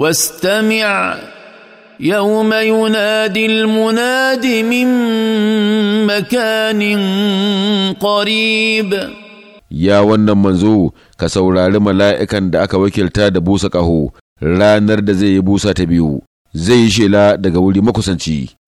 واستمع يوم ينادي المناد من مكان قريب ya wannan manzo ka saurari mala'ikan da aka wakilta da busa ƙaho ranar da zai yi busa ta biyu zai yi shela daga wuri makusanci